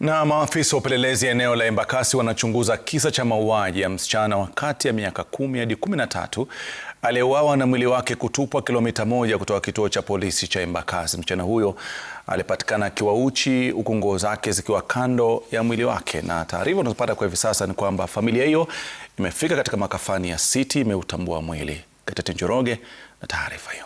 Na maafisa wa upelelezi eneo la Embakasi wanachunguza kisa cha mauaji ya msichana wa kati ya miaka kumi hadi kumi na tatu aliyeuawa na mwili wake kutupwa kilomita moja kutoka kituo cha polisi cha Embakasi. Msichana huyo alipatikana akiwa uchi huku nguo zake zikiwa kando ya mwili wake, na taarifa tunazopata kwa hivi sasa ni kwamba familia hiyo imefika katika makafani ya City imeutambua mwili. Katete Njoroge na taarifa hiyo.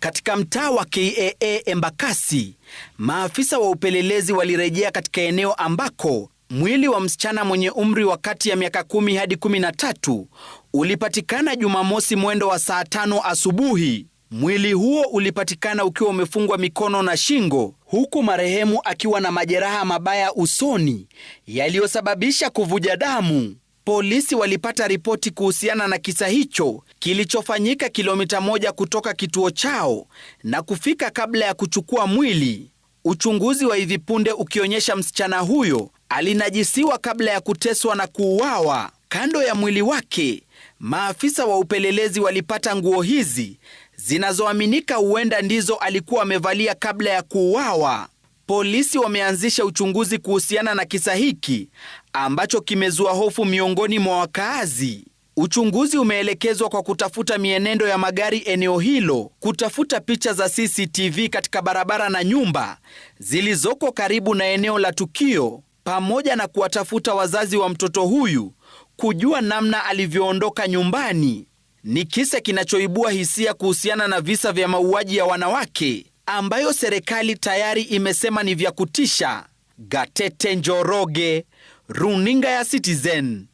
Katika mtaa wa Kaa Embakasi, maafisa wa upelelezi walirejea katika eneo ambako mwili wa msichana mwenye umri wa kati ya miaka kumi hadi kumi na tatu ulipatikana Jumamosi mwendo wa saa tano asubuhi. Mwili huo ulipatikana ukiwa umefungwa mikono na shingo, huku marehemu akiwa na majeraha mabaya usoni yaliyosababisha kuvuja damu. Polisi walipata ripoti kuhusiana na kisa hicho kilichofanyika kilomita moja kutoka kituo chao na kufika kabla ya kuchukua mwili. Uchunguzi wa hivi punde ukionyesha msichana huyo alinajisiwa kabla ya kuteswa na kuuawa. Kando ya mwili wake, maafisa wa upelelezi walipata nguo hizi zinazoaminika huenda ndizo alikuwa amevalia kabla ya kuuawa. Polisi wameanzisha uchunguzi kuhusiana na kisa hiki ambacho kimezua hofu miongoni mwa wakaazi. Uchunguzi umeelekezwa kwa kutafuta mienendo ya magari eneo hilo, kutafuta picha za CCTV katika barabara na nyumba zilizoko karibu na eneo la tukio, pamoja na kuwatafuta wazazi wa mtoto huyu kujua namna alivyoondoka nyumbani. Ni kisa kinachoibua hisia kuhusiana na visa vya mauaji ya wanawake ambayo serikali tayari imesema ni vya kutisha. Gatete Njoroge, Runinga ya Citizen.